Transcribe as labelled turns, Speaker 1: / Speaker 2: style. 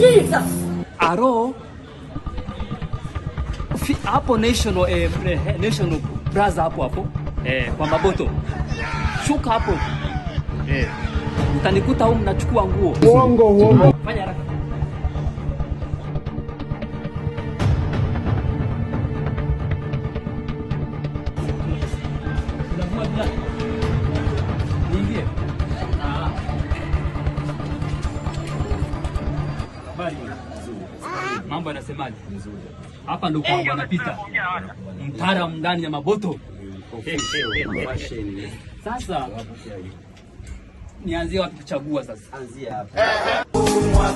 Speaker 1: Jesus.
Speaker 2: Aro hapo national eh, eh, eh national braza hapo hapo eh, kwa Maboto, shuka hapo eh, utanikuta huko mnachukua nguo.
Speaker 3: Uongo, uongo.
Speaker 2: Fanya haraka. Yeah. Safari nzuri. Ah. Mambo yanasemaje? Nzuri. Hapa ndo kwa eh, wanapita mtaalamu ndani ya maboto. Sasa nianzie wapi kuchagua sasa?
Speaker 4: Anzia hapa.
Speaker 5: Eh, eh.